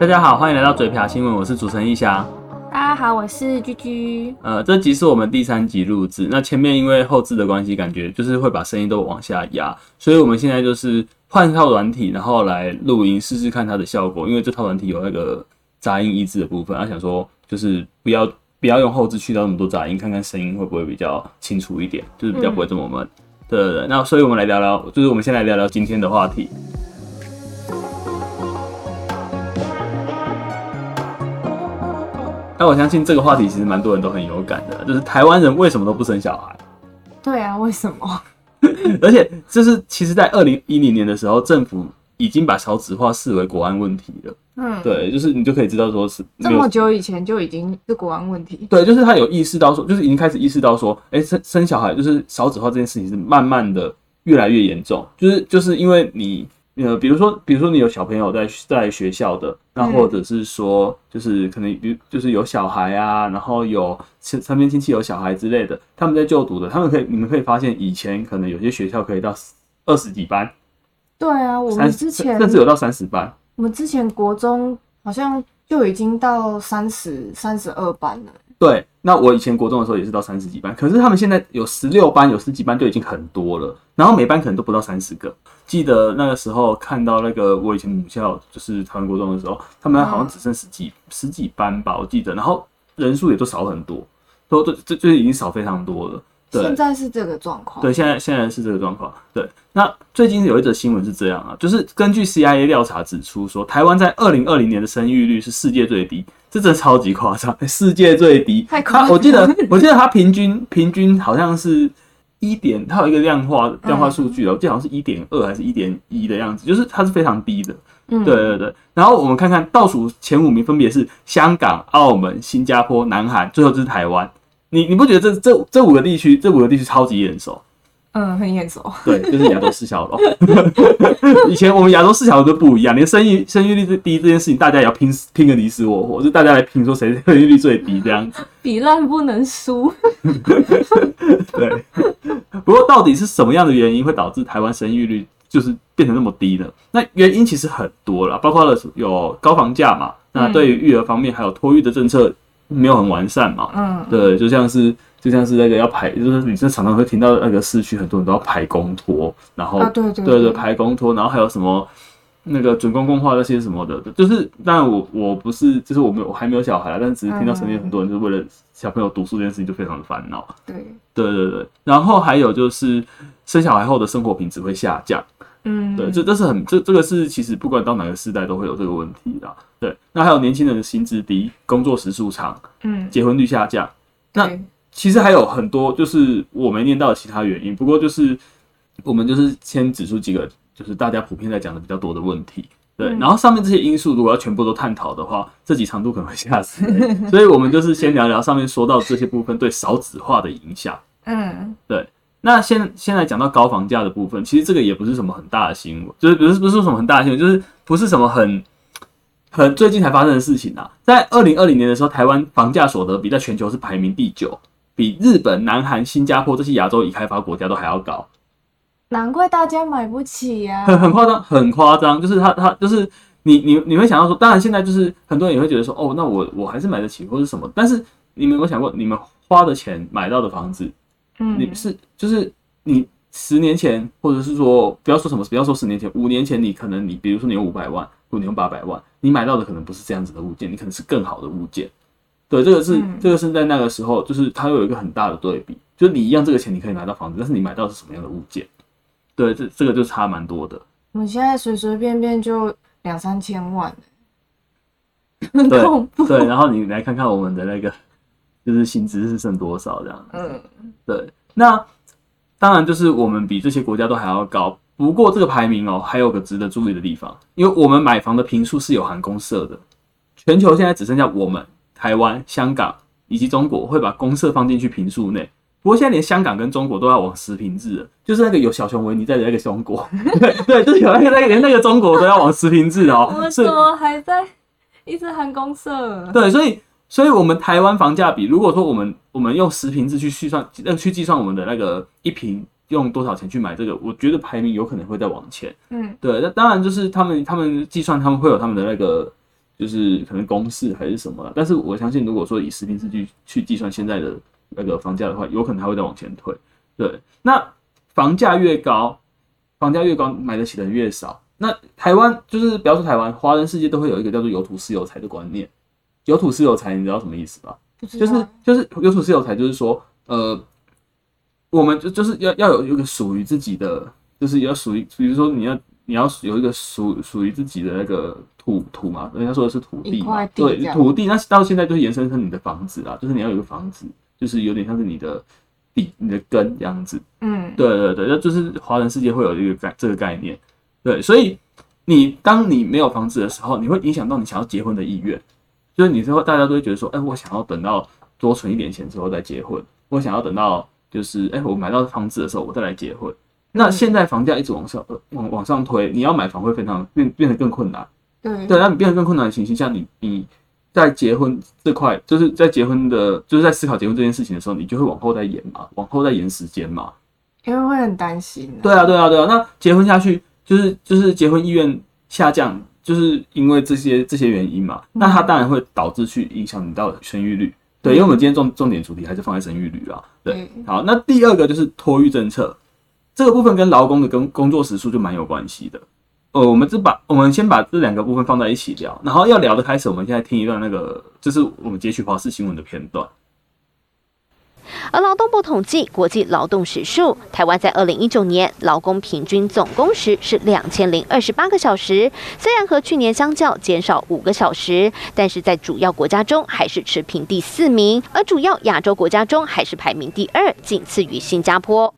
大家好，歡迎來到嘴瓢新聞，我是主持人一霞。大、啊、家好，我是居居。呃，這集是我們第三集錄製，那前面因為後製的關係，感覺就是會把聲音都往下壓，所以我們現在就是換一套軟體，然後來錄音試試看它的效果。因為這套軟體有那個雜音抑制的部分，我想說就是不要不要用後製去掉那麼多雜音，看看聲音會不會比較清楚一點，就是比較不會這麼悶。嗯、對，對，對，那所以我們來聊聊，就是我們先來聊聊今天的話題。那、啊、我相信這個話題其實蠻多人都很有感的，就是台灣人為什麼都不生小孩？對啊，為什麼？ 而且就是其實，在二零一零年的時候，政府已經把少子化視為國安問題了。嗯，對，就是你就可以知道說是這麼久以前就已經是國安問題。對，就是他有意識到說，就是已經開始意識到說，哎、欸，生生小孩就是少子化這件事情是慢慢的越來越嚴重，就是就是因為你。呃，比如說，比如說你有小朋友在在學校的，那或者是說，就是可能有就是有小孩啊，然後有身邊親戚有小孩之類的，他們在就讀的，他們可以你們可以發現，以前可能有些學校可以到二十幾班，對啊，我們之前甚至有到三十班，我們之前國中好像就已經到三十三十二班了。對，那我以前國中的時候也是到三十幾班，可是他們現在有十六班，有十幾班就已經很多了。然後每班可能都不到三十個。記得那個時候看到那個我以前母校，就是台灣國中的時候，他們好像只剩十幾、嗯、十幾班吧，我記得。然後人數也都少很多，都都就就，就已經少非常多了。對，現在是這個狀況。對，現在現在是這個狀況。對，那最近有一則新聞是這樣啊，就是根據 CIA 調查指出說，台灣在二零二零年的生育率是世界最低。這真的超級誇張，世界最低。太誇張！我記得，我記得它平均平均好像是一點，它有一個量化量化數據哦，就好像是一點二還是一點一的樣子，就是它是非常低的。嗯，對對對。然後我們看看倒數前五名分別是香港、澳門、新加坡、南韓，最後就是台灣。你你不覺得這這這五個地區，這五個地區超級眼熟？嗯，很眼熟。對，就是亞洲四小龍。 以前我們亞洲四小龍都不一樣，連生育生育率最低這件事情，大家也要拼拼個你死我活，就大家來拼說誰的生育率最低這樣子，比爛不能輸。 對。不過到底是什麼樣的原因會導致台灣生育率就是變成那麼低呢？那原因其實很多啦，包括了有高房價嘛，那對於育兒方面還有托育的政策。嗯沒有很完善嘛，嗯，對，就像是就像是那個要排，就是你常常會聽到那個市區很多人都要排公托，然後、啊、對對對，對排公托，然後還有什麼那個准公共化那些什麼的，就是但我我不是，就是我沒有，我還沒有小孩、啊，但是只是聽到身邊很多人就是為了小朋友讀書這件事情就非常的煩惱，對、嗯，對對對，然後還有就是生小孩後的生活品質會下降，嗯，對，這這是很這這個是其實不管到哪個時代都會有這個問題的。對，那還有年輕人的薪資低，工作時數長，嗯，結婚率下降、嗯，那其實還有很多就是我沒念到的其他原因。不過就是我們就是先指出幾個就是大家普遍在講的比較多的問題，對、嗯。然後上面這些因素如果要全部都探討的話，這幾長度可能會嚇死、欸。 所以我們就是先聊聊上面說到這些部分對少子化的影響，嗯，對。那先先來講到高房價的部分，其實這個也不是什麼很大的新聞，就是不是不是什麼很大的新聞，就是不是什麼很。很最近才發生的事情啊，在二零二零年的時候，台灣房價所得比在全球是排名第九，比日本、南韓、新加坡這些亞洲已開發國家都還要高。難怪大家買不起呀，啊！很很誇張，很誇張，就是他他就是你你你會想到說，當然現在就是很多人也會覺得說，哦，那我我還是買得起或是什麼，但是你們有沒有想過，你們花的錢買到的房子，你是就是你十年前或者是說不要說什麼，不要說十年前，五年前你可能你比如說你有五百萬。五年八百萬，你買到的可能不是這樣子的物件，你可能是更好的物件。對，這個是、嗯、這個是在那個時候，就是它有一個很大的對比，就是你一樣這個錢你可以拿到房子，但是你買到的是什麼樣的物件？對，這這個就差蠻多的。我、嗯、們現在隨隨便便就兩三千萬，很恐怖。對，然後你來看看我們的那個，就是薪資是剩多少這樣。嗯，對。那當然就是我們比這些國家都還要高。不過這個排名哦，還有個值得注意的地方，因為我們買房的坪數是有含公設的，全球現在只剩下我們臺灣、香港以及中國會把公設放進去坪數內。不過現在連香港跟中國都要往實坪制了，就是那個有小熊維尼在的那個中國， 對對，就是有、那個、那個連那個中國都要往實坪制哦。 我們怎麼還在一直含公設？對，所以所以我們臺灣房價比，如果說我們我們用實坪制去計算，那去計算我們的那個一坪。用多少錢去買這個？我覺得排名有可能會再往前。嗯，對，那當然就是他們，他們計算他們會有他們的那個，就是可能公式還是什麼。但是我相信，如果說以實名數據去計算現在的那個房價的話，有可能還會再往前推。對，那房價越高，房價越高，買得起的人越少。那台灣就是不要說台灣，華人世界都會有一個叫做“有土斯有財”的觀念，“有土斯有財”，你知道什麼意思吧？就是就是“有土斯有財”，就是說，呃。我們就就是要要有一個屬於自己的，就是要屬於，比如說你要你要有一個屬屬於自己的那個土土嘛，人家說的是土地嘛，地對，土地，那到現在就是延伸成你的房子啊，就是你要有一個房子，就是有點像是你的底、你的根這樣子。嗯，對對對，那就是華人世界會有一個概這個概念。對，所以你當你沒有房子的時候，你會影響到你想要結婚的意願，就是你之後大家都會覺得說，哎、欸，我想要等到多存一點錢之後再結婚，我想要等到。就是，哎、欸，我買到房子的時候，我再來結婚。嗯、那現在房價一直往上，往往上推，你要買房會非常變變得更困難。對對，那你變得更困難的情形，形下你，你你在結婚這塊，就是在結婚的，就是在思考結婚這件事情的時候，你就會往後再延嘛，往後再延時間嘛。因為會很擔心。對啊，對啊，啊、對啊。那結婚下去，就是就是結婚意願下降，就是因為這些這些原因嘛、嗯。那它當然會導致去影響你到的生育率。對，因為我們今天重重點主題還是放在生育率啦、啊。對，好，那第二個就是托育政策，這個部分跟勞工的跟工作時數就蠻有關係的。呃，我們就把，我們先把這兩個部分放在一起聊，然後要聊的開始，我們現在聽一段那個，就是我們截取華視新聞的片段。而勞動部統計國際勞動時數，台灣在二零一九年勞工平均總工時是兩千零二十八個小時，雖然和去年相較減少五個小時，但是在主要國家中還是持平第四名，而主要亞洲國家中還是排名第二，僅次於新加坡。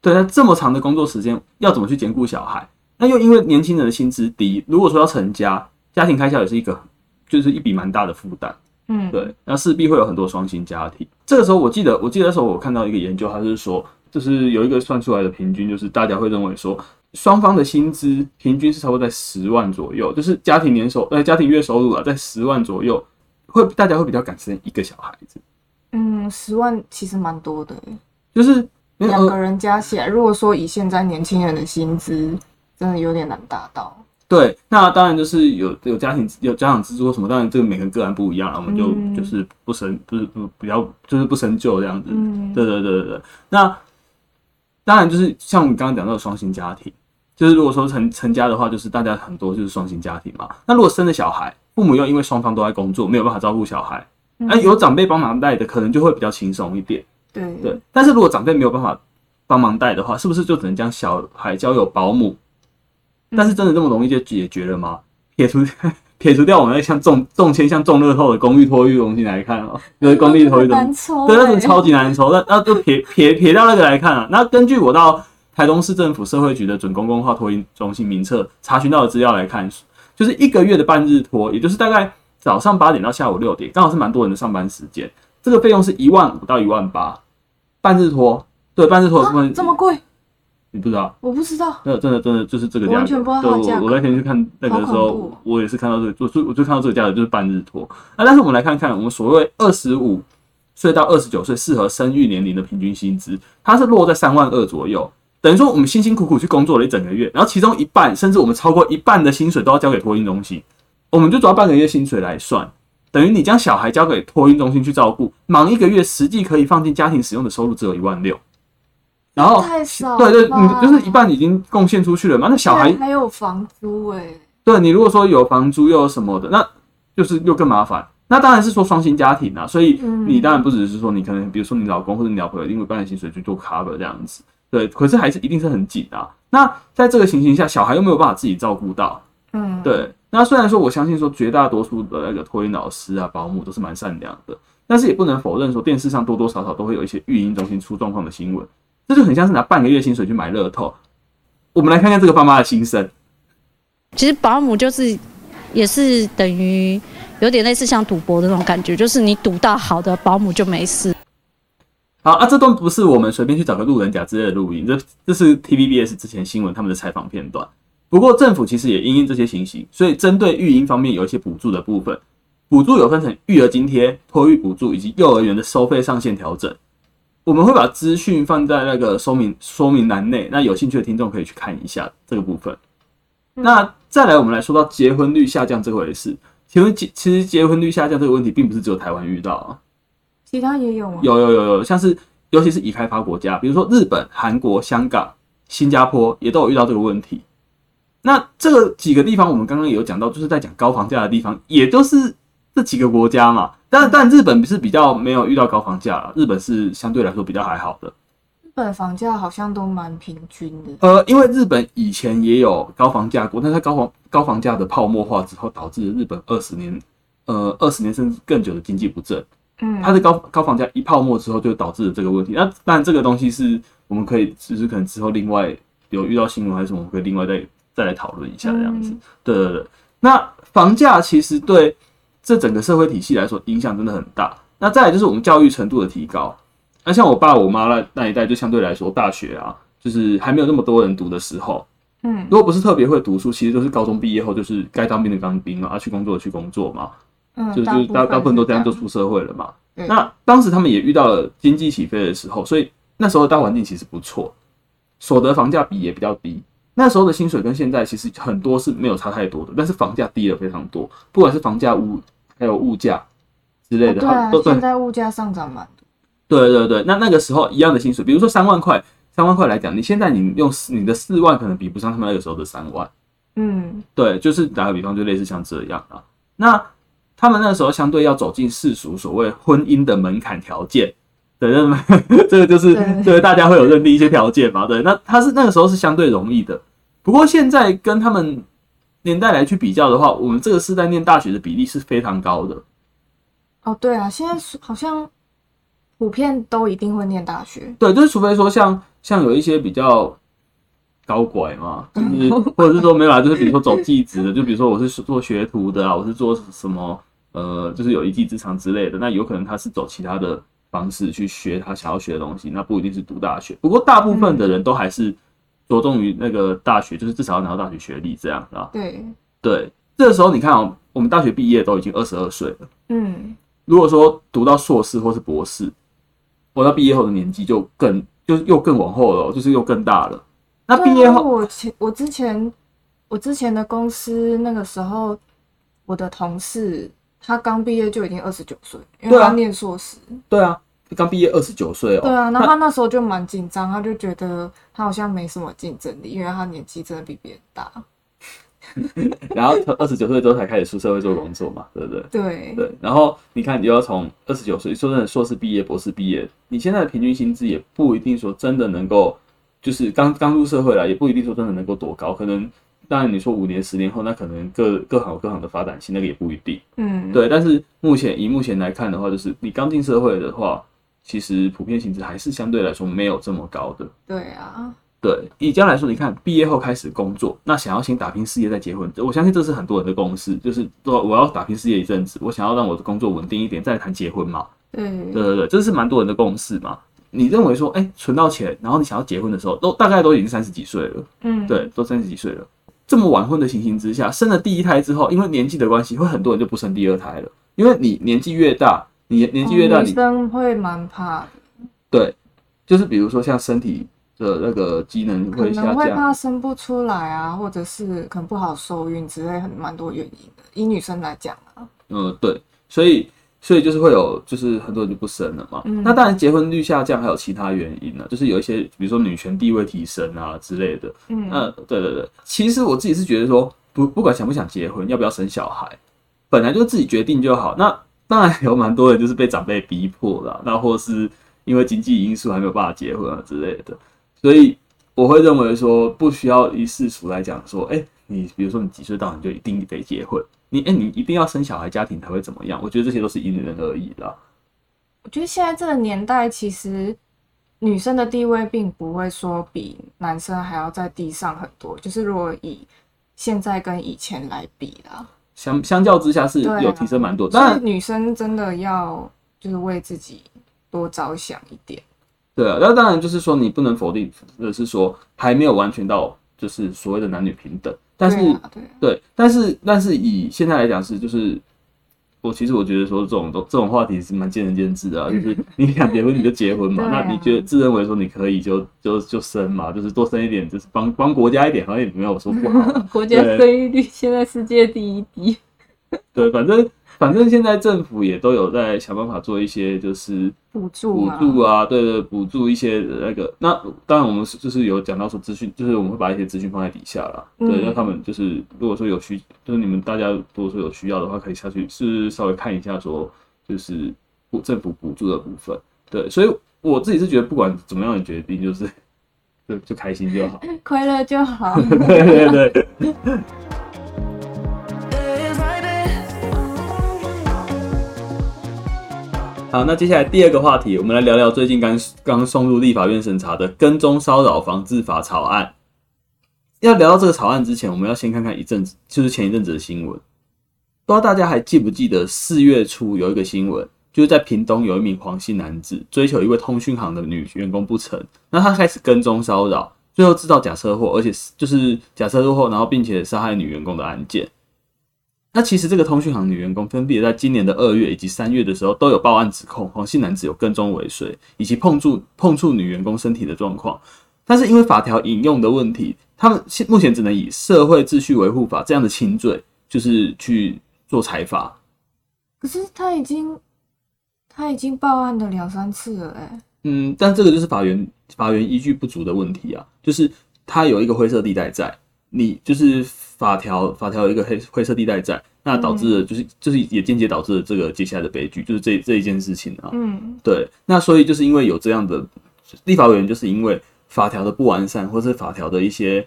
對，那這麼長的工作時間，要怎麼去兼顧小孩？那又因為年輕人的薪資低，如果說要成家，家庭開銷也是一個，就是一筆蠻大的負擔。嗯，對，那勢必會有很多雙薪家庭。這個時候，我記得，我記得的時候，我看到一個研究，他是說，就是有一個算出來的平均，就是大家會認為說，雙方的薪資平均是差不多在十萬左右，就是家庭年收，呃、哎，家庭月收入啊，在十萬左右，會大家會比較敢生一個小孩子。嗯，十萬其實蠻多的，就是兩個人加起來，如果說以現在年輕人的薪資，真的有點難達到。對，那當然就是有有家庭有家長資助什麼，當然這個每個個案不一樣，我們就、嗯、就是不生，不、就是不不要，就是不生就這樣子。對、嗯、對對對對。那當然就是像我們剛剛講到的雙薪家庭，就是如果說成成家的話，就是大家很多就是雙薪家庭嘛。那如果生了小孩，父母又因為雙方都在工作，沒有辦法照顧小孩，那、嗯、有長輩幫忙帶的，可能就會比較輕鬆一點。對對。但是如果長輩沒有辦法幫忙帶的話，是不是就只能將小孩交由保姆？但是真的這麼容易就解決了嗎？撇除撇除掉我們像中中籤、像中樂透的公寓托育中心來看哦、喔，對 公寓托育中心， 對那種超級難抽， 那那就撇撇撇掉那個來看啊。那根據我到台東市政府社會局的準公共化托育中心名冊查詢到的資料來看，就是一個月的半日托，也就是大概早上八點到下午六點，剛好是蠻多人的上班時間。這個費用是一萬五到一萬八，半日托、啊，對半日托這麼這麼貴。你不知道？我不知道。那真的真的就是這個價格。對，我那天去看那個的時候，我也是看到這個，就就我就看到這個價格，就是半日托。那但是我們來看看，我們所謂二十五歲到二十九歲適合生育年齡的平均薪資，它是落在三萬二左右。等於說，我們辛辛苦苦去工作了一整個月，然後其中一半，甚至我們超過一半的薪水都要交給托嬰中心。我們就抓半個月薪水來算，等於你將小孩交給托嬰中心去照顧，忙一個月實際可以放進家庭使用的收入只有一萬六。然後太少了，對對，你就是一半已經貢獻出去了嘛。那小孩還有房租哎、欸？對，你如果說有房租又有什麼的，那就是又更麻煩。那當然是說雙薪家庭啊，所以你當然不只是說你可能，比如說你老公或者你老婆一定會搬半薪水去做 cover 這樣子，對。可是還是一定是很緊啊。那在這個情形下，小孩又沒有辦法自己照顧到，嗯，對。那雖然說我相信說絕大多數的那個托嬰老師啊、保姆都是蠻善良的，但是也不能否認說電視上多多少少都會有一些育嬰中心出狀況的新聞。這就很像是拿半個月薪水去買樂透。我們來看看這個爸媽的心聲。其實保姆就是，也是等於有點類似像賭博的那種感覺，就是你賭到好的保姆就沒事。好啊，這段不是我們隨便去找個路人甲之類的錄音，這這是 TVBS 之前新聞他們的採訪片段。不過政府其實也因應這些情形，所以針對育嬰方面有一些補助的部分，補助有分成育兒津貼、托育補助以及幼兒園的收費上限調整。我們會把資訊放在那個說明說明欄內，那有興趣的聽眾可以去看一下這個部分。嗯、那再來，我們來說到結婚率下降這回事。結婚結其實結婚率下降這個問題，並不是只有台灣遇到啊，其他也有啊。有有有有，像是尤其是已開發國家，比如說日本、韓國、香港、新加坡，也都有遇到這個問題。那這幾個地方，我們剛剛也有講到，就是在講高房價的地方，也都、就是。這幾個國家嘛，但但日本是比較沒有遇到高房價，日本是相對來說比較還好的。日本房價好像都蠻平均的。呃，因為日本以前也有高房價過，但它高房高房價的泡沫化之後，導致日本二十年，呃，二十年甚至更久的經濟不振。嗯，它的高高房價一泡沫之後，就導致了這個問題。那但這個東西是我們可以，就是可能之後另外有遇到新聞還是我們可以另外再再來討論一下這樣子。嗯。對對對，那房價其實對。這整個社會體系來說，影響真的很大。那再來就是我們教育程度的提高。那像我爸我媽那那一代，就相對來說大學啊，就是還沒有那麼多人讀的時候，嗯，如果不是特別會讀書，其實就是高中畢業後就是該當兵的當兵啊，去工作的去工作嘛，嗯，就就是大大部，大部分都這樣就出社會了嘛。嗯。那當時他們也遇到了經濟起飛的時候，所以那時候的大環境其實不錯，所得房價比也比較低。那時候的薪水跟現在其實很多是沒有差太多的，但是房價低了非常多，不管是房價、物還有物價之類的，啊對啊都，現在物價上漲蠻多。對對對，那那個時候一樣的薪水，比如說三萬塊，三萬塊來講，你現在你用你的四萬可能比不上他們那個時候的三萬。嗯，對，就是打個比方，就類似像這樣啊。那他們那個時候相對要走進世俗所謂婚姻的門檻條件。承認麼這個就是這個大家會有認定一些條件吧？對，那他是那個時候是相對容易的，不過現在跟他們年代來去比較的話，我們這個世代念大學的比例是非常高的。哦，對啊，現在是好像普遍都一定會念大學，對，就是除非說像像有一些比較高拐嘛，就是或者是說沒有啊，就是比如說走技職的，就比如說我是做學徒的啊，我是做什麼呃，就是有一技之長之類的，那有可能他是走其他的。方式去學他想要學的東西，那不一定是讀大學，不過大部分的人都還是着重於那個大學，嗯，就是至少要拿到大學學歷這樣，是吧？對對，這個時候你看哦，我們大學畢業都已經二十二歲了，嗯，如果說讀到碩士或是博士，我到畢業後的年紀就更就又更往後了哦，就是又更大了。那畢業後，我前我之前我之前的公司那個時候，我的同事，他剛畢業就已經二十九歲，因為他念碩士。對啊，對啊，剛畢業二十九歲哦。對啊，然後他那時候就蠻緊張，他就覺得他好像沒什麼競爭力，因為他年紀真的比別人大。 然後他二十九歲之後才開始出社會做工作嘛，對，對不對？對。對。然後你看，你又要從二十九歲說真的碩士畢業、博士畢業，你現在的平均薪資也不一定說真的能夠，就是剛剛入社會來也不一定說真的能夠多高，可能。當然你說五年、十年後，那可能各各行各行的發展性，那個也不一定。嗯，對。但是目前以目前來看的話，就是你剛進社會的話，其實普遍薪資還是相對來說沒有這麼高的。對啊。對，以這樣來說，你看畢業後開始工作，那想要先打拼事業再結婚，我相信這是很多人的共識，就是說我要打拼事業一陣子，我想要讓我的工作穩定一點，再談結婚嘛對。對對對，這是蠻多人的共識嘛。你認為說，哎、欸，存到錢，然後你想要結婚的時候，都大概都已經三十幾歲了。嗯，對，都三十幾歲了。這麼晚婚的情形之下，生了第一胎之後，因為年紀的關係，會很多人就不生第二胎了。因為你年紀越大，你年紀越大你、呃，女生會蠻怕的。對，就是比如說像身體的那個機能會下降，可能會怕生不出來啊，或者是可能不好受孕之類很蠻多原因的。以女生來講啊，嗯，對，所以。所以就是會有，就是很多人就不生了嘛。嗯、那當然，結婚率下降還有其他原因呢、啊，就是有一些，比如說女權地位提升啊之類的。嗯，那對對對，其實我自己是覺得說，不不管想不想結婚，要不要生小孩，本來就自己決定就好。那當然有蠻多人就是被長輩逼迫了，那或是因為經濟因素還沒有辦法結婚啊之類的。所以我會認為說，不需要一世俗來講說，哎、欸，你比如說你幾歲到你就一定得結婚。你、欸、哎，你一定要生小孩，家庭才會怎麼樣？我覺得這些都是因人而異啦。我覺得現在這個年代，其實女生的地位並不會說比男生還要再低上很多。就是如果以現在跟以前來比啦，相相較之下是有提升蠻多。但、啊就是、女生真的要就是為自己多着想一點。對啊，那當然就是說你不能否定，就是說還沒有完全到就是所謂的男女平等。但是對、啊對啊，對，但是，但是以現在來講是，就是我其實我覺得說這種都這種話題是蠻見仁見智的、啊，就是你想結婚你就結婚嘛， 啊、那你覺得自認為說你可以就就就生嘛，就是多生一點，就是幫幫國家一點，好像也沒有我說不好。國家生育率現在世界第一低。對，反正。反正現在政府也都有在想辦法做一些，就是補助補助啊，對對，補助一些的那個。那當然我們是就是有講到說資訊，就是我們會把一些資訊放在底下啦，嗯、對，讓他們就是如果說有需，就是你們大家如果說有需要的話，可以下去是，是稍微看一下說，就是政府補助的部分。對，所以我自己是覺得不管怎麼樣的決定就是就，就開心就好，快樂就好。對 對。對好，那接下來第二個話題，我們來聊聊最近剛剛送入立法院審查的跟蹤騷擾防制法草案。要聊到這個草案之前，我們要先看看一陣子，就是前一陣子的新聞。不知道大家還記不記得，四月初有一個新聞，就是在屏東有一名黃姓男子追求一位通訊行的女員工不成，那他開始跟蹤騷擾，最後製造假車禍，而且是就是假車禍，然後並且殺害女員工的案件。那其實這個通訊行女員工分別在今年的二月以及三月的時候都有報案指控黃姓、哦、男子有跟蹤尾隨以及碰觸碰觸女員工身體的狀況，但是因為法條引用的問題，他們現目前只能以社會秩序維護法這樣的輕罪，就是去做裁罰。可是他已經他已經報案的兩三次了，誒，嗯，但這個就是法源法源依據不足的問題啊，就是他有一個灰色地帶在。你就是法條，法條有一個黑灰色地帶在，那導致的、嗯、就是就是也間接導致了這個接下來的悲劇，就是這這一件事情啊。嗯，對。那所以就是因為有這樣的立法委員，就是因為法條的不完善，或者是法條的一些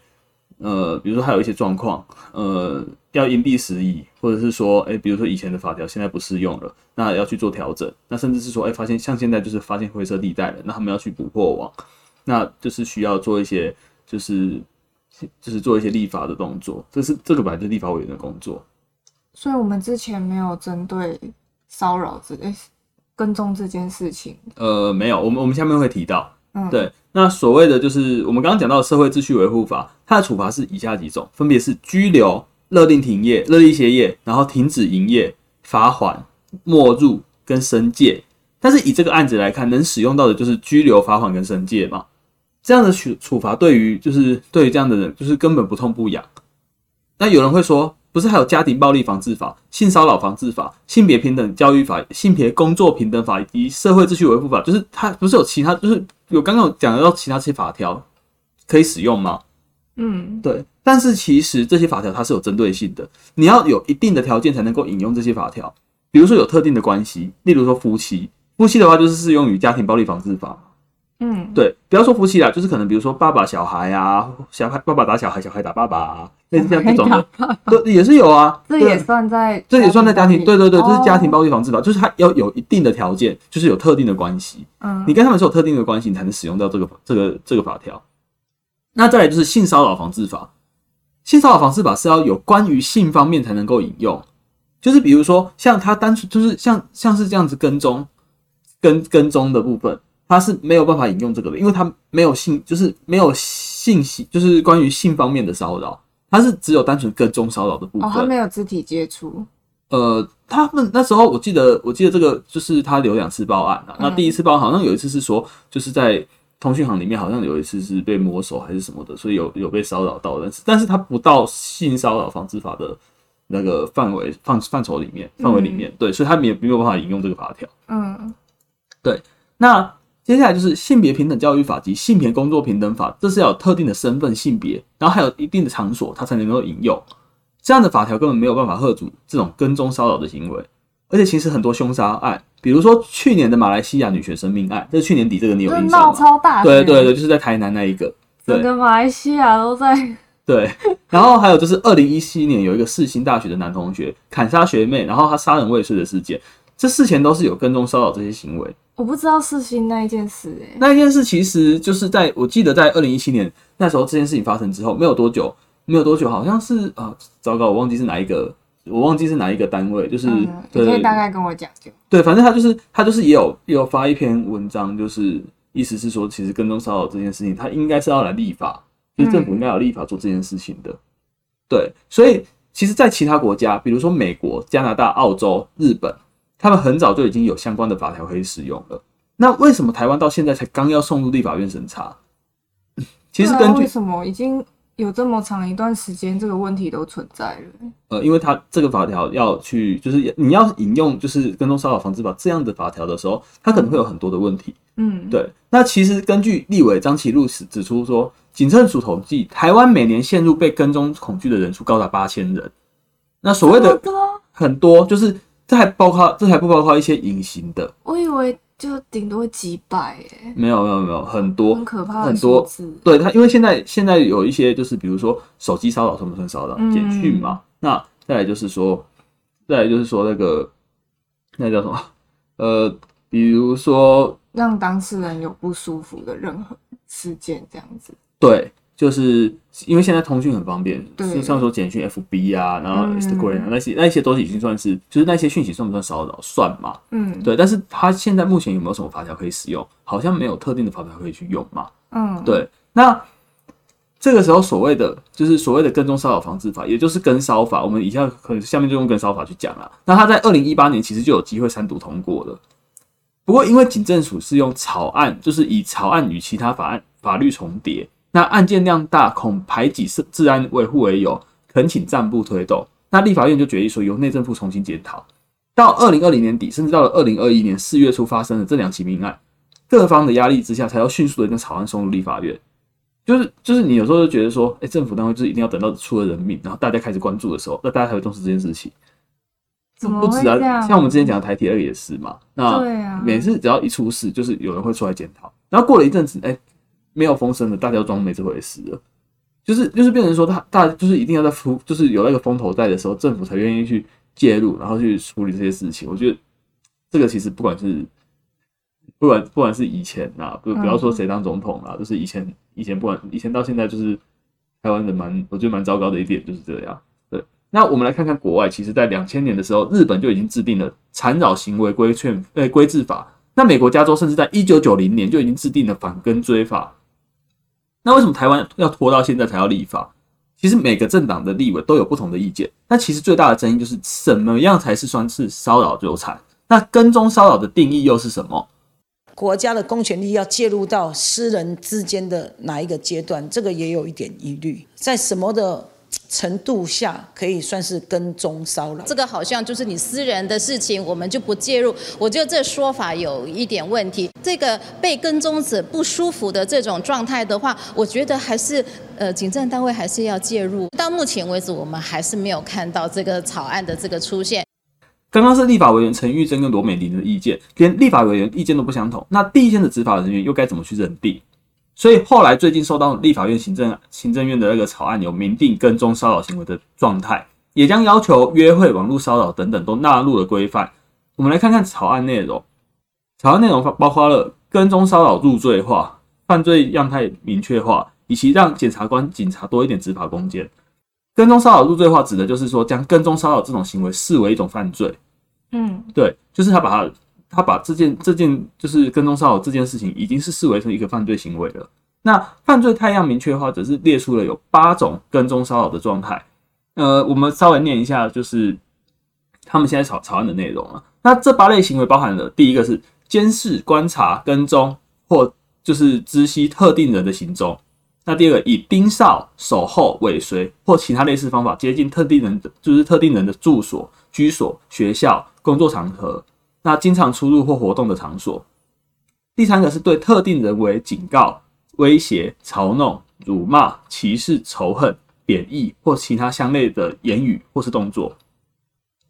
呃，比如說還有一些狀況，呃，要因地制宜，或者是說，哎、欸，比如說以前的法條現在不適用了，那要去做調整。那甚至是說，哎、欸，發現像現在就是發現灰色地帶了，那他們要去補破網，那就是需要做一些就是。就是做一些立法的動作，這是這個本來就是立法委員的工作。所以，我們之前沒有針對騷擾之類跟蹤這件事情。呃，沒有，我們我們下面會提到。嗯，對，那所謂的就是我們剛剛講到《社會秩序維護法》，它的處罰是以下幾種，分別是拘留、勒令停業、勒令歇業，然後停止營業、罰款、沒入跟申誡。但是以這個案子來看，能使用到的就是拘留、罰款跟申誡嘛。這樣的處處罰對於就是對於這樣的人就是根本不痛不癢，那有人會說，不是還有家庭暴力防治法、性騷擾防治法、性別平等教育法、性別工作平等法以及社會秩序維護法，就是他不是有其他就是有剛剛有講到其他這些法條可以使用嗎？嗯，對。但是其實這些法條它是有針對性的，你要有一定的條件才能夠引用這些法條，比如說有特定的關係，例如說夫妻，夫妻的話就是適用於家庭暴力防治法。嗯，對，不要說夫妻啦，就是可能比如說爸爸小孩啊，小孩爸爸打小孩，小孩打爸爸，類似這樣一種爸爸，對，也是有啊。這也算在這也算在家庭，家庭，家庭對對對，就是家庭暴力防治法，就是他要有一定的條件，就是有特定的關係。嗯，你跟他們說有特定的關係，你才能使用到這個這個這個法條。那再來就是性騷擾防治法，性騷擾防治法是要有關於性方面才能夠引用，就是比如說像他單純就是像像是這樣子跟蹤跟跟蹤的部分。他是沒有辦法引用這個的，因為他沒有性，就是沒有信息,就是關於性方面的騷擾，他是只有單純跟蹤騷擾的部分，哦，他沒有肢體接觸。呃，他們那時候我記得，我記得這個就是他有兩次報案了，啊嗯。那第一次報案好像有一次是說，就是在通訊行裡面好像有一次是被摸手還是什麼的，所以有有被騷擾到的，但是但是他不到性騷擾防治法的那個範圍範範疇裡面，範、嗯、圍裡面，對，所以他也沒有辦法引用這個法條。嗯，對，那。接下來就是性別平等教育法及性別工作平等法，這是要有特定的身份性別，然後還有一定的場所，它才能夠引用。這樣的法條根本沒有辦法嚇阻這種跟蹤騷擾的行為。而且其實很多兇殺案，比如說去年的馬來西亞女學生命案，這、就是去年底這個你有印象嗎？鬧超大。對對對，就是在台南那一個。整個馬來西亞都在。對。然後還有就是二零一七年有一個世新大學的男同學砍殺學妹，然後他殺人未遂的事件，這事前都是有跟蹤騷擾這些行為。我不知道四星那一件事，欸，哎，那一件事其實就是在我記得在二零一七年那時候這件事情發生之後，沒有多久，沒有多久，好像是啊，糟糕，我忘記是哪一個，我忘記是哪一個單位，就是、嗯、對，可以大概跟我講講。對，反正他就是，他就是也有，也有發一篇文章，就是意思是說，其實跟蹤騷擾這件事情，他應該是要來立法，就是政府應該有立法做這件事情的，嗯、對，所以其實，在其他國家，比如說美國、加拿大、澳洲、日本。他們很早就已經有相關的法條可以使用了，那為什麼台灣到現在才剛要送入立法院審查？ 其實根據、啊、為什麼已經有這麼長一段時間這個問題都存在了。呃，因為他這個法條要去，就是你要引用就是跟蹤騷擾防制法這樣的法條的時候，他、嗯、可能會有很多的問題。嗯，對。那其實根據立委張奇路指指出說，警政署統計，台灣每年陷入被跟蹤恐懼的人數高達八千人。那所謂的很多就是。這還包括，這還不包括一些隱形的。我以為就頂多幾百誒。沒有沒有沒有，很多，很可怕，很多次。對他，因為現在現在有一些，就是比如說手機騷擾算不算騷擾？嗯，簡訊嘛。那再來就是說，再來就是說那個，那叫什麼？呃，比如說讓當事人有不舒服的任何事件，這樣子。對。就是因為現在通訊很方便，就像說簡訊、FB 啊，然後 Instagram、嗯、那些，那些都已經算是，就是那些訊息算不算騷擾算嘛？嗯，對。但是它現在目前有沒有什麼法條可以使用？好像沒有特定的法條可以去用嘛。嗯，對。那這個時候所謂的就是所謂的跟蹤騷擾防制法，也就是跟騷法，我們以下可能下面就用跟騷法去講了。那它在二零一八年其實就有機會三讀通過了，不過因為警政署是用草案，就是以草案與其他法案法律重疊。那案件量大，恐排擠治安維護為由，懇請暫不推動。那立法院就決議說，由內政部重新檢討。到二零二零年底，甚至到了二零二一年四月初發生的這兩起命案，各方的壓力之下，才要迅速的將草案送入立法院。就是就是，你有時候就覺得說，哎、欸，政府單位就是一定要等到出了人命，然後大家開始關注的時候，那大家才會重視這件事情。怎麼不止啊？像我們之前講的台鐵二也是嘛。那對啊，每次只要一出事，就是有人會出來檢討。然後過了一陣子，哎、欸。沒有風聲的，大家都裝沒這回事的，就是就是變成說，他大就是一定要在就是有那個風頭在的時候，政府才願意去介入，然後去處理這些事情。我覺得這個其實不管是不管不管是以前吶、啊，不不要說誰當總統啦、啊嗯，就是以前以前不管以前到現在，就是台灣人蠻，我覺得蠻糟糕的一點就是這樣。對，那我們來看看國外，其實，在兩千年的時候，日本就已經制定了纏擾行為規勸、呃、規制法，那美國加州甚至在一九九零年就已經制定了反跟追法。那為什麼台灣要拖到現在才要立法？其實每個政黨的立委都有不同的意見。那其實最大的爭議就是，怎麼樣才是算是騷擾糾纏？那跟蹤騷擾的定義又是什麼？國家的公權力要介入到私人之間的哪一個階段？這個也有一點疑慮，在什麼的？程度下可以算是跟蹤騷擾，這個好像就是你私人的事情，我們就不介入。我覺得這說法有一點問題。這個被跟蹤者不舒服的這種狀態的話，我覺得還是呃，警政單位還是要介入。到目前為止，我們還是沒有看到這個草案的這個出現。剛剛是立法委員陳玉珍跟羅美玲的意見，連立法委員意見都不相同，那第一天的執法人員又該怎麼去認定？所以後來最近受到立法院行政行政院的那個草案有明定跟蹤騷擾行為的狀態，也將要求約會網絡騷擾等等都納入了規範。我們來看看草案內容，草案內容包括了跟蹤騷擾入罪化、犯罪樣態明確化，以及讓檢察官警察多一點執法空間。跟蹤騷擾入罪化指的就是說，將跟蹤騷擾這種行為視為一種犯罪。嗯，對，就是他把它。他把這件這件就是跟蹤騷擾這件事情，已經是視為成一個犯罪行為了。那犯罪態樣明確化，則是列出了有八種跟蹤騷擾的狀態。呃，我們稍微念一下，就是他們現在吵草案的內容了。那這八類行為包含了第一個是監視、觀察、跟蹤，或就是知悉特定人的行蹤。那第二個以盯梢、守候、尾隨或其他類似方法接近特定人的，就是特定人的住所、居所、學校、工作場合。那經常出入或活動的場所。第三個是對特定人為警告、威脅、嘲弄、辱罵、歧視、仇恨、貶義或其他相類的言語或是動作。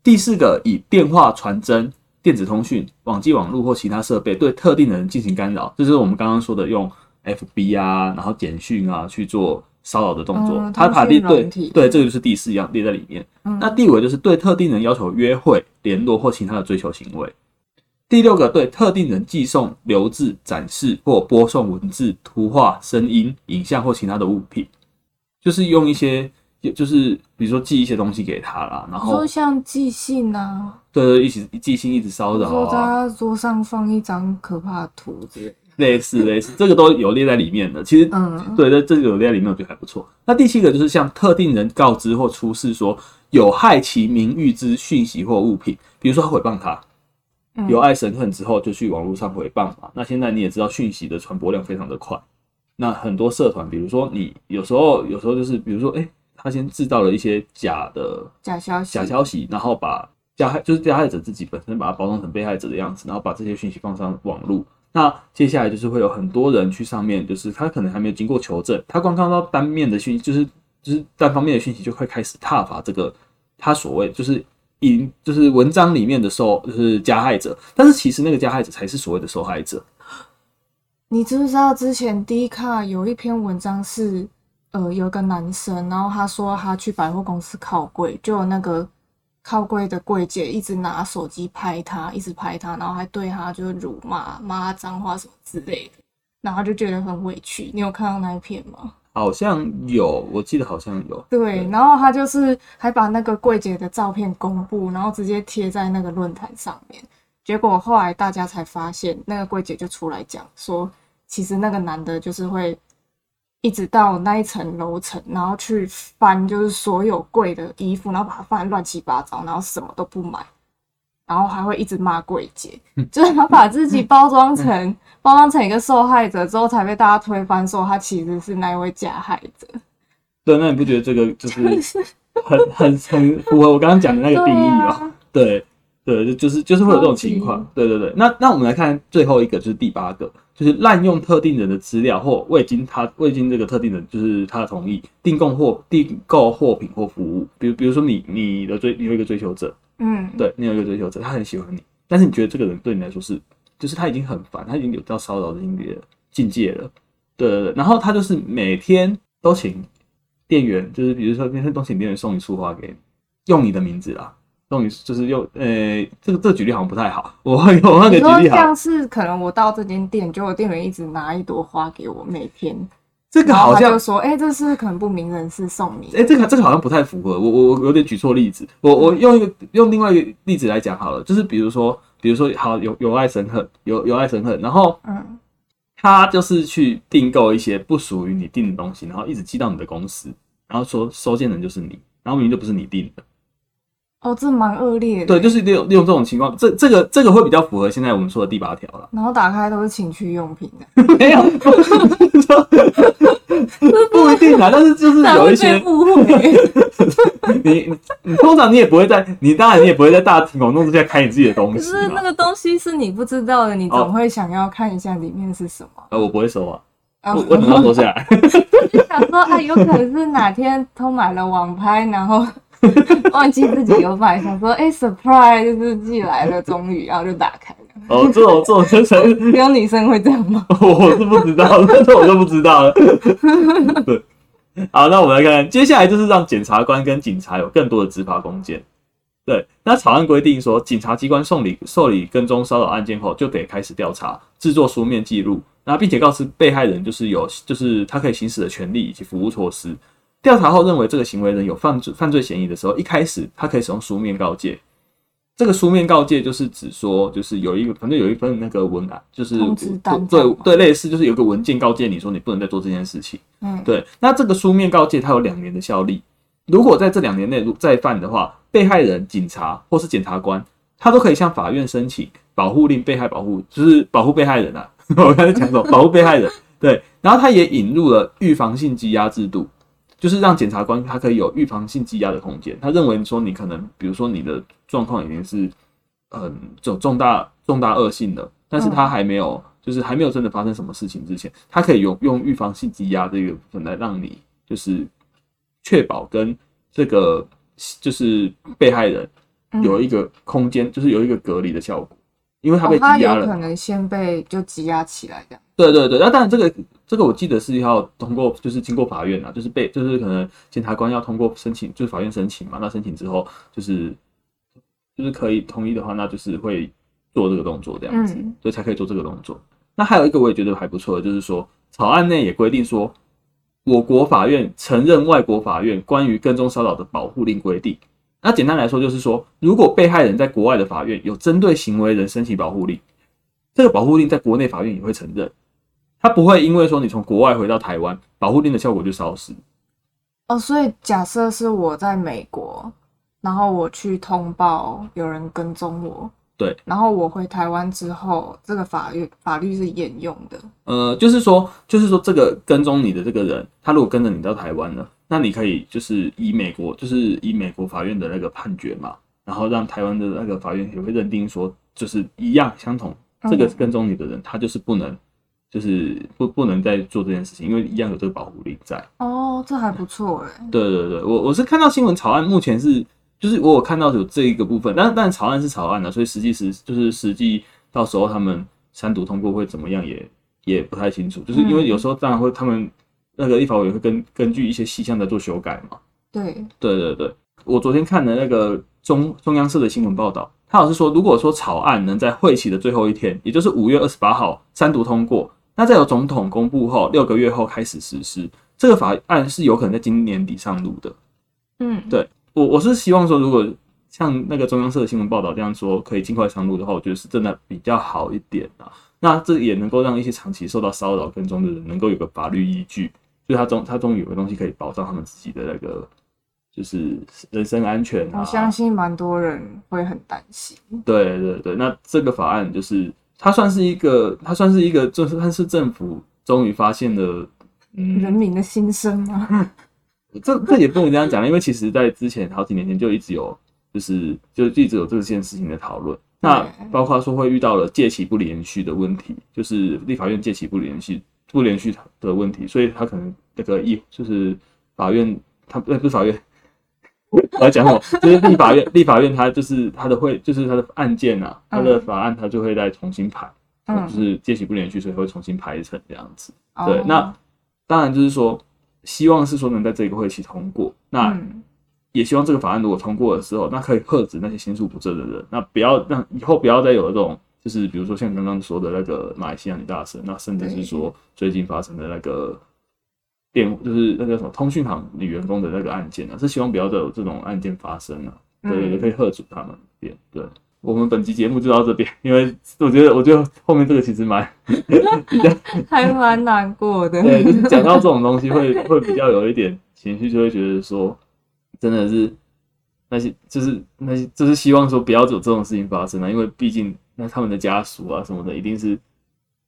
第四個以電話、傳真、電子通訊、網際網路或其他設備對特定的人進行干擾，就是我們剛剛說的用 FB 啊，然後簡訊啊去做騷擾的動作。嗯。他排第對對，對，這個就是第四樣列在裡面。嗯。那第五個就是對特定人要求約會、聯絡或其他的追求行為。第六個，對特定人寄送、留置、展示或播送文字、圖畫、聲音、影像或其他的物品，就是用一些，就是比如說寄一些東西給他啦，然後說像寄信啊，對，對對，一起寄信一直騷擾，說在桌上放一張可怕的圖之類，好好 類似類似，這個都有列在裡面的，其實嗯，對，這這個有列在裡面，我覺得還不錯。那第七個就是向特定人告知或出示說有害其名譽之訊息或物品，比如說他毀謗他。由愛生恨之後，就去網絡上誹謗嘛。那現在你也知道，訊息的傳播量非常的快。那很多社團，比如說你有時候，有時候就是，比如說，哎、欸，他先制造了一些假的假消息，假消息，然後把加害就是加害者自己本身把它包裝成被害者的樣子，然後把這些訊息放上網絡。那接下來就是會有很多人去上面，就是他可能還沒有經過求證，他光看到單面的訊息，就是就是單方面的訊息，就會開始撻伐這個他所謂就是。就是文章裡面的受，就是加害者，但是其實那個加害者才是所謂的受害者。你知不知道之前 D 卡有一篇文章是，呃，有一個男生，然後他說他去百貨公司靠櫃，就那個靠櫃的櫃姐一直拿手機拍他，一直拍他，然後還對他就辱罵、罵髒話什麼之類的，然後就覺得很委屈。你有看到那一篇嗎？好像有，我記得好像有。對，然後他就是還把那個櫃姐的照片公布，然後直接貼在那個論壇上面。結果後來大家才發現，那個櫃姐就出來講說，其實那個男的就是會一直到那一層樓層，然後去翻就是所有櫃的衣服，然後把它翻亂七八糟，然後什麼都不買。然後還會一直罵櫃姐、嗯，就是他把自己包裝成、嗯、包裝成一個受害者之後，才被大家推翻，說他其實是那位加害者。對，那你不覺得這個就是很 很很符合我我剛剛講的那個定義嗎？對、啊、對、對，就是就是會有這種情況。對對對，那那我們來看最後一個，就是第八個，就是濫用特定人的資料或未經他未經這個特定人就是他的同意訂購貨訂購貨品或服務，比如比如說你你的追你有一個追求者。嗯， 對，你有一個追求者，他很喜歡你，但是你覺得這個人對你來說是，就是他已經很煩，他已經有到騷擾的音樂境界了，界了。對對對，然後他就是每天都請店員，就是比如說每天都請店員送一束花給你，用你的名字啦，用你就是用，呃、欸，這個這個、舉例好像不太好，我我那個舉例好像是可能我到這間店，就我店員一直拿一朵花給我，每天。這個好像就說，哎、欸，這是可能不明人士送你。哎、欸，這個這個好像不太符合，我我我有點舉錯例子。我我用一個用另外一個例子來講好了，就是比如說，比如說，好，有有愛生恨，有有愛生恨，然後嗯，他就是去訂購一些不屬於你訂的東西，然後一直寄到你的公司，然後說收件人就是你，然後明明就不是你訂的。哦，這蠻惡劣。對，就是利用利用這種情況，這這個這個會比較符合現在我們說的第八條了。然後打開都是情趣用品的， 沒有。 是不一定啊，但是就是有一些，會會 你你通常你也不會在，你當然你也不會在大庭廣眾之下開你自己的東西，可是那個東西是你不知道的，你總會想要看一下裡面是什麼。呃、哦，我不會收啊、哦，我你要收下來。 就想說哎、啊，有可能是哪天偷買了網拍，然後忘記自己有買，想說哎，surprise、欸、就是寄來了，終於然後就打開。哦，這種這種精神，沒有女生會這樣嗎？ 我是不知道，這 我就不知道了。 對，好，那我們來看，看。接下來就是讓檢察官跟警察有更多的執法空間。對，那草案規定說，警察機關送受理受理跟蹤騷擾案件後，就得開始調查，製作書面記錄，然後並且告知被害人，就是有就是他可以行使的權利以及服務措施。調查後認為這個行為人有犯罪犯罪嫌疑的時候，一開始他可以使用書面告誡。這個書面告誡就是指說，就是有一個，反正有一份那個文啊，就是對對類似，就是有個文件告誡你說你不能再做這件事情。嗯，對。那這個書面告誡它有兩年的效力，如果在這兩年內再犯的話，被害人、警察、或是檢察官，他都可以向法院申請保護令，被害保護就是保護被害人啊。 我剛才講什麼？保護被害人。對。然後他也引入了預防性羈押制度。就是讓檢察官他可以有預防性羈押的空間，他認為說你可能，比如說你的狀況已經是很有重大重大惡性的，但是他還沒有，就是還沒有真的發生什麼事情之前，他可以用用預防性羈押這個部分來讓你就是確保跟這個就是被害人有一個空間，就是有一個隔離的效果，因為他被羈押了，可能先被就羈押起來。對對對，那當然這個。這個我記得是要通過，就是經過法院啊，就是被就是可能檢察官要通過申請，就是法院申請嘛。那申請之後，就是就是可以同意的話，那就是會做這個動作這樣子，所以才可以做這個動作。那還有一個我也覺得還不錯的，就是說草案內也規定說，我國法院承認外國法院關於跟蹤騷擾的保護令規定。那簡單來說就是說，如果被害人在國外的法院有針對行為人申請保護令，這個保護令在國內法院也會承認。他不會因為說你從國外回到台灣，保護令的效果就消失。哦，所以假設是我在美國，然後我去通報有人跟蹤我，對，然後我回台灣之後，這個法律法律是沿用的。呃，就是說，就是說，這個跟蹤你的這個人，他如果跟着你到台灣了，那你可以就是以美國就是以美國法院的那個判決嘛，然後讓台灣的那個法院也會認定說，就是一樣相同，這個跟蹤你的人，okay，他就是不能。就是不不能再做這件事情，因為一樣有這個保護力在。哦，這還不錯哎、欸。對對對，我我是看到新聞草案目前是，就是我有看到有這一個部分，但但草案是草案的，所以實際實就是實際到時候他們三讀通過會怎麼樣也，也也不太清楚。就是因為有時候當然會他們那個立法委員會根根據一些細項在做修改嘛。對、嗯、對對對，我昨天看了那個中中央社的新聞報道，他老是說，如果說草案能在會期的最後一天，也就是五月二十八號三讀通過。那在由總統公布後，六個月後開始實施這個法案是有可能在今年底上路的。嗯，對我我是希望說，如果像那個中央社的新聞報道這樣說，可以儘快上路的話，我覺得是真的比較好一點啊。那這也能夠讓一些長期受到騷擾跟蹤的人，能夠有個法律依據，嗯、所以他終他終於有個東西可以保障他們自己的那個就是人身安全、啊、我相信蠻多人會很擔心。對,對對對，那這個法案就是。它算是一個，它算是一個，就是算是政府終於發現了人民的心聲嗎、啊嗯？這這也不能這樣講，因為其實在之前好幾年前就一直有，就是就一直有這件事情的討論。那包括說會遇到了屆期不連續的問題，就是立法院屆期不連續不連續的問題，所以他可能這個一就是法院，他，哎、不是法院。 我來講，我就是立法院，立法院它就是它的會，就是它的案件啊，它、嗯、的法案它就會再重新排，嗯、就是屆期不連續，所以會重新排成這樣子。對，哦、那當然就是說，希望是說能在這個會期通過。那也希望這個法案如果通過的時候，嗯、那可以克制那些心術不正的人，那不要讓以後不要再有那種，就是比如說像剛剛說的那個馬來西亞女大生，那甚至是說最近發生的那個。電就是那個什麼通訊行女員工的那個案件呢、啊？是希望不要再有這種案件發生了、啊。對對，嗯、可以嚇阻他們。對，我們本期節目就到這邊，因為我覺得，我覺得後面這個其實蠻 還蠻難過的。 對，就是講到這種東西會，會會比較有一點情緒，就會覺得說，真的是那些就是那些就是希望說不要有這種事情發生啊！因為畢竟那他們的家屬啊什麼的，一定是，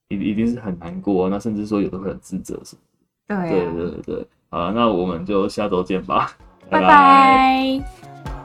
一定一定是很難過、啊、那甚至說有的會很自責什麼。對，啊、對對對對，好，那我們就下周見吧，拜拜。拜拜。